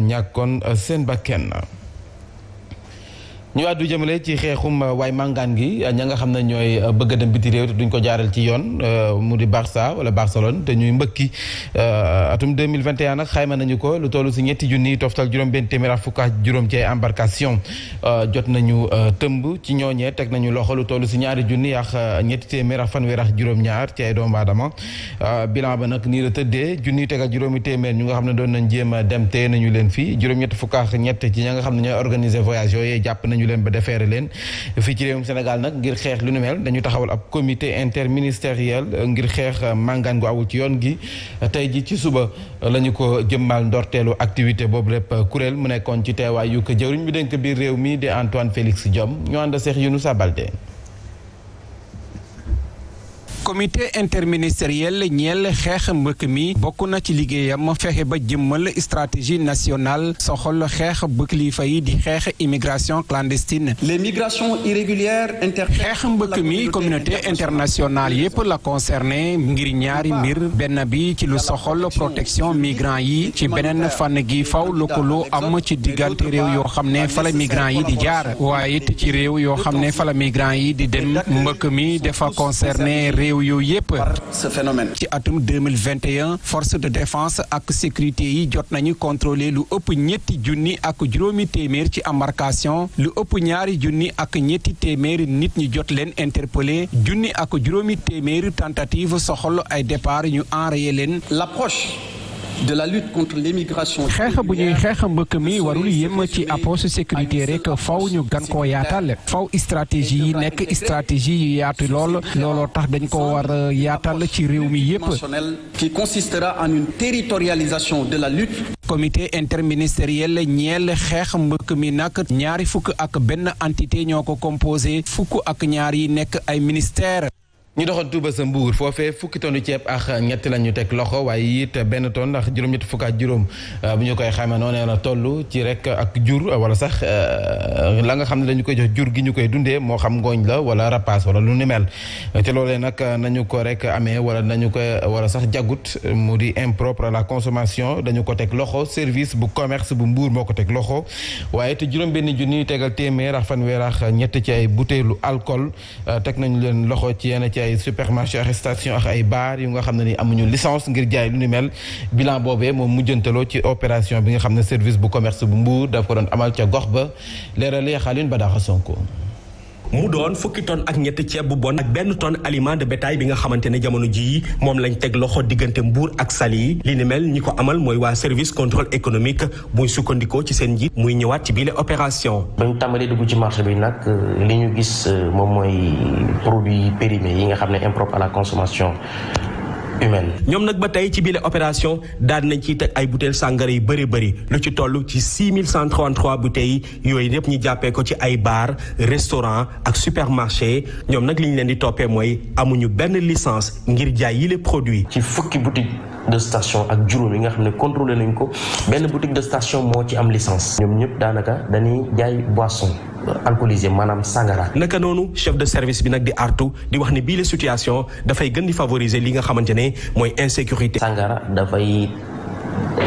ñàkkoon seen bakkan ñu àddu jëmale ci xeexum euh, waay màngaan gi ña nga xam ne ñooy euh, bëgg a dem biti réew te duñ ko jaaral ci yoon euh, mu di Barça wala Barcelone te ñuy mbëkki atum 2021 nag xayma nañu ko lu toll si ñetti junni toftal juróom benn téeméer ak fukk ak juróom ci ay jot nañu tëmb ci ñooñee teg nañu loxo lu toll si ñaari junni ak ñetti téeméer ak fanweer ak juróom-ñaar ci doom doomu aadama bilan ba nag nii la tëddee junni teg ak juróomi téeméer ñu nga xam ne doon nañ jéem a dem tee nañu leen fii juróom-ñetti fukk ak ñett ci ña nga xam ne ñooy organiser voyage yooyee jàpp nañu nañu leen ba defeere leen fii ci réewum Sénégal nag ngir xeex lu nu mel dañu taxawal ab comité interministériel euh, ngir xeex euh, màngaan gu awul ci yoon gi tey ji ci suba euh, lañu ko jëmmal ndorteelu activité boobu lépp kuréel mu nekkoon ci teewaay yu ko jëwriñ bi denk biir réew mi di Antoine Félix Diome ñu ànd Seex Yunusa Baldé comité interministériel ñeel xeex mbëkk mi bokk na ci liggéeyam fexe ba jëmmal stratégie nationale soxol xeex bu yi di xeex immigration clandestine. les migrations mi communauté internationale yépp la concerné ngir ñaari mbir benn bi ci lu soxol protection migrants yi ci beneen fànn gi faw lëkkaloo am ci diggante réew yoo xam ne fala la migrants yi di jaar waaye it ci réew yoo xam ne fa la migrants yi di dem mbëkk mi dafa concerné yow yooyu yëpp. par ci atum deux mille vingt et force de défense ak sécurité yi jot nañu contrôler lu ëpp ñetti junni ak juróomi téeméer ci embarcation lu ëpp ñaari junni ak ñetti téeméeri nit ñi jot leen interpellé junni ak juróomi téeméeri tentative soxol ay départ ñu enrayé leen l'approche de la lutte xeex bu ñuy xeex mbëkk mi warul yem ci approche sécurité rek faw ñu gan koo yaatal faw stratégie yi nekk stratégie yu yaatu lool looloo tax dañ ko war yaatal ci réew mi yépp qui consistera en une territorialisation de la lutte comité interministériel ñeel xeex mbëkk mi nag ñaari fukk ak benn entité ñoo ko composé fukk ak ñaar yi nekk ay ministère ñu doxantu ba sa mbuur foofee fukki tonu ceeb ak ñetti la ñu teg loxo waaye it benn ton ndax juróom-ñetti fukk juróom euh, bu ñu koy xamee noonee la toll ci rek ak jur wala sax euh, la nga xam ne dañu koy jox jur gi ñu koy dundee moo xam ngooñ la wala rapace wala lu ni mel te loolee nag nañu ko rek amee wala nañu ko wala sax jagut mu di impropre la consommation dañu ko teg loxo service bu commerce bu mbuur moo ko teg loxo waaye te juróom benn junni tegal téeméer ak fanweer ak ñett ci ay butéelu alcool euh, ay supermarché arrestation ak ay baar yu nga xam ne ni amuñu licence ngir jaay lu ni mel bilan boobee moom mujjantaloo ci opération bi nga xam ne service bu commerce bu Mbour daf ko doon amal ca gox ba leerale Xalin Badara Sonko mu doon fukki tonne ak ñett ceeb bu bon ak benn ton aliment de bétail bi nga xamante ne jamono jii moom lañ teg loxo diggante Mbour ak Saly li ni mel ñi ko amal mooy waa service contrôle économique muy sukkandikoo ci seen njiit muy ñëwaat ci biile opération. ba ñu tàmbalee dugg ci marché bi nag euh, li ñu gis euh, moom mooy produit périmé yi nga xam ne impropre a la consommation. humaine. ñoom nag ba tey ci bile opération daal nañ ciy teg ay butéel sàngara yu bëri bëri lu ci toll ci 6133 bouteilles yooyu yëpp ñu jàppee ko ci ay baar restaurant ak supermarché ñoom nag li ñu leen di toppee mooy amuñu benn licence ngir jaay yile produit ci fukki boutique de station ak juróom yi nga xam ne contrôlé nañ ko benn boutique de station moo ci am licence ñoom ñëpp daanaka dañuy jaay boisson alcoolisé maanaam sangara. naka noonu chef de service bi nag di artu di wax ne bii la situation dafay gën di favoriser li nga xamante ne mooy insécurité. sangara dafay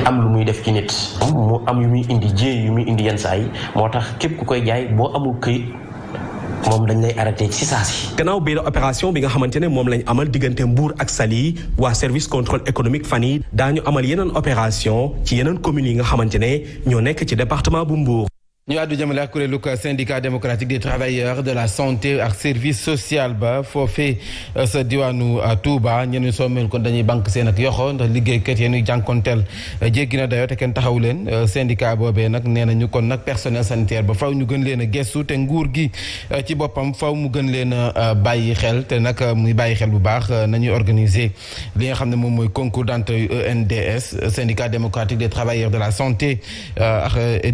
am lu muy def ci nit. mu am yu muy indi jéey yu muy indi yenn saa yi moo tax képp ku koy jaay boo amul këyit. moom dañ lay arrêté ci saa si. gannaaw bii opération bi nga xamante ne moom lañu amal diggante Mbour ak Saly waa service contrôle économique fan yi daañu amal yeneen opération ci yeneen communes yi nga xamante ne ñoo nekk ci département bu Mbour. ñu àddu jëmale ak kuréelu syndicat démocratique des travailleurs de la santé ak service social ba foofee euh, sa diwaanu euh, Touba ñeneen soomeel kon dañuy banque seen ak yoxo ndax liggéeykat yee nuy jànkonteel euh, jéggi na dayoo te kenn taxaw leen syndicat boobee nag nee nañu kon nag personnel sanitaire ba faw ñu gën leen a gestu te nguur gi ci boppam faw mu gën leen a bàyyi xel te nag muy bàyyi xel bu baax nañuy organiser li nga xam ne moom mooy concours d'entrée ENDS syndicat démocratique des de la santé et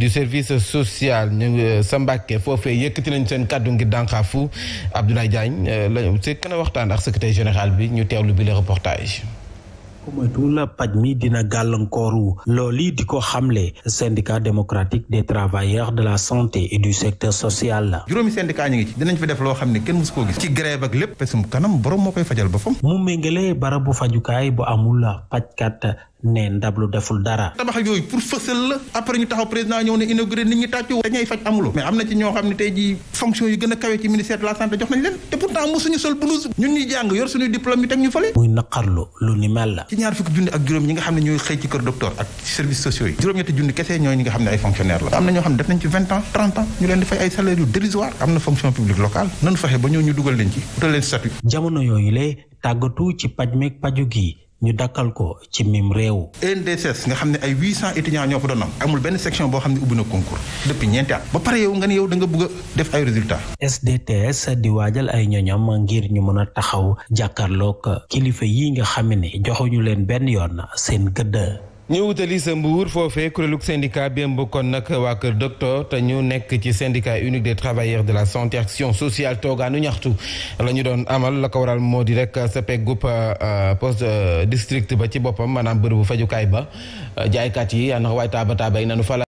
sociale ñu euh, sa Mbàkke foofee yëkkati nañ seen kàddu ngir dànkaafu Abdoulaye Diagne euh, la ci kan a waxtaan ak secrétaire général bi ñu teewlu bi le reportage ko moytu la paj mi dina gàllankooru loolu di ko xamle syndicat démocratique des travailleurs de la santé et du secteur social la juróomi syndicat ñu ngi ci dinañ fi def loo xam ne kenn musu koo gis ci grève ak lépp pesum kanam borom moo koy fajal boppam mu méngale barabu fajukaay bu amul pajkat ne ndab lu deful dara. tabax yooyu pour fësal la après ñu taxaw président ñëw ne inauguré nit ñi tàccu dañay faj amulu mais am na ci ñoo xam ne tey ji fonction a kawe ci yi teg juróom ñi nga xam ne ay fonctionnaire la am na ñoo xam ne def nañ ci vingt ans trente ans ñu leen di ay salaire yu dérisoire am na fonction publique locale nanu fexe ba ñoo ñu dugal leen ci utal leen statut jamono yooyu lay tàggatu ci paj meeg paju gi ñu dakkal ko ci mim réew. ENDSS nga xam ne ay 800 étudiants ñoo fa doon amul benn section boo xam ne ubbi na concours depuis ñeenti at ba pare yow nga ne yow danga nga bëgg def ay résultats. SDTS di waajal ay ñoñam ngir ñu mën a taxaw jàkkaarloog kilifa yi nga xam ne joxuñu leen benn yoon na seen gëdd. ñu wutali sa mbuur foofee kuréelug syndicat bi ëmb kon nag waa kër docteur te ñu nekk ci syndicat unique des travailleurs de la santé action sociale toogaanu ñaxtu la ñu doon amal la ko waral moo di rek sa peggub euh, poste euh, district ba ci boppam maanaam bërëbu fajukaay ba jaaykat yi yaa ndax waay taaba taaba yi nanu fa